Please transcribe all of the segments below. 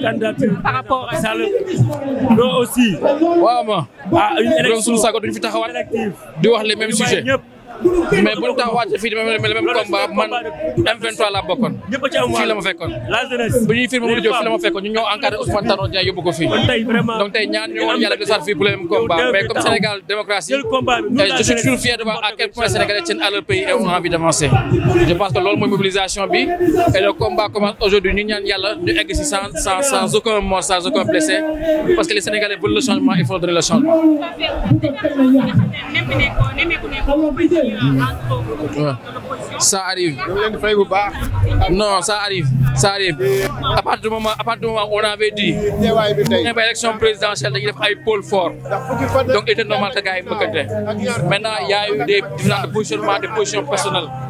candidature a rapport ak Sall aussi. waaw ma. ah une élection suñu saako duñ fi taxawaat. di wax les mêmes sujets. mais bu ñu tax wàcc fii dama mel même combat man M23 fii la ma bu ñuy firme Mourou Diop fii la ma fekkoon ñu ñëw encadré Ousmane Tanor Dieng yóbbu ko fii donc tey ñaan ñu fii bu leen combat mais Sénégal démocratie je suis toujours fier à quel point Sénégalais tiennent à leur pays et ont envie d'avancer je pense que loolu mooy mobilisation bi et le combat commence aujourd'hui ñu ñaan yàlla ñu egg sans sans sans mort sans aucun blessé parce que les ça arrive. non ça arrive ça arrive à partir moment à partir moment où on avait dit ba élection présidentielle dañuy def ay pôle fort donc il était normal que gars yi des différences de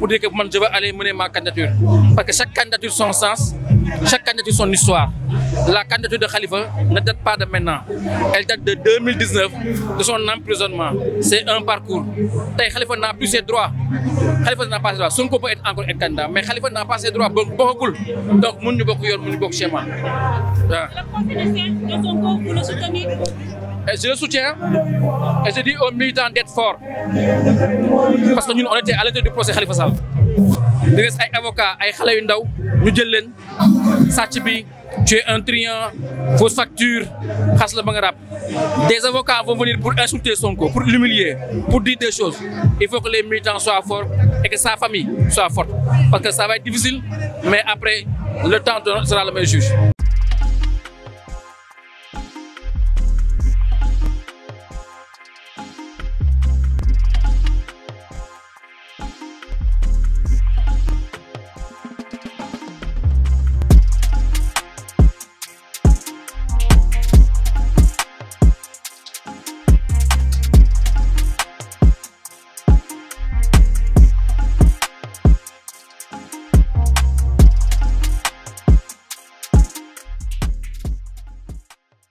pour dire que je vais aller mener ma candidature. Parce que chaque candidature son sens, chaque candidature son histoire. La candidature de Khalifa ne date pas de maintenant. Elle date de 2019, de son emprisonnement. C'est un parcours. Khalifa n'a plus ses droits. Khalifa n'a pas ses droits. Sonko peut être encore un candidat, mais Khalifa n'a pas ses droits. Donc, nous ne pouvons pas son pour le et je le soutiens et je dis aux militants d'être forts. Parce que nous, on était à l'intérieur du procès Khalifa Sall. Nous des avocats, des enfants, ndaw, nous jël len tu es un triant, fausse facture, xas la bangarap. Des avocats vont venir pour insulter son corps, pour l'humilier, pour dire des choses. Il faut que les militants soient forts et que sa famille soit forte parce que ça va être difficile mais après le temps sera le meilleur juge.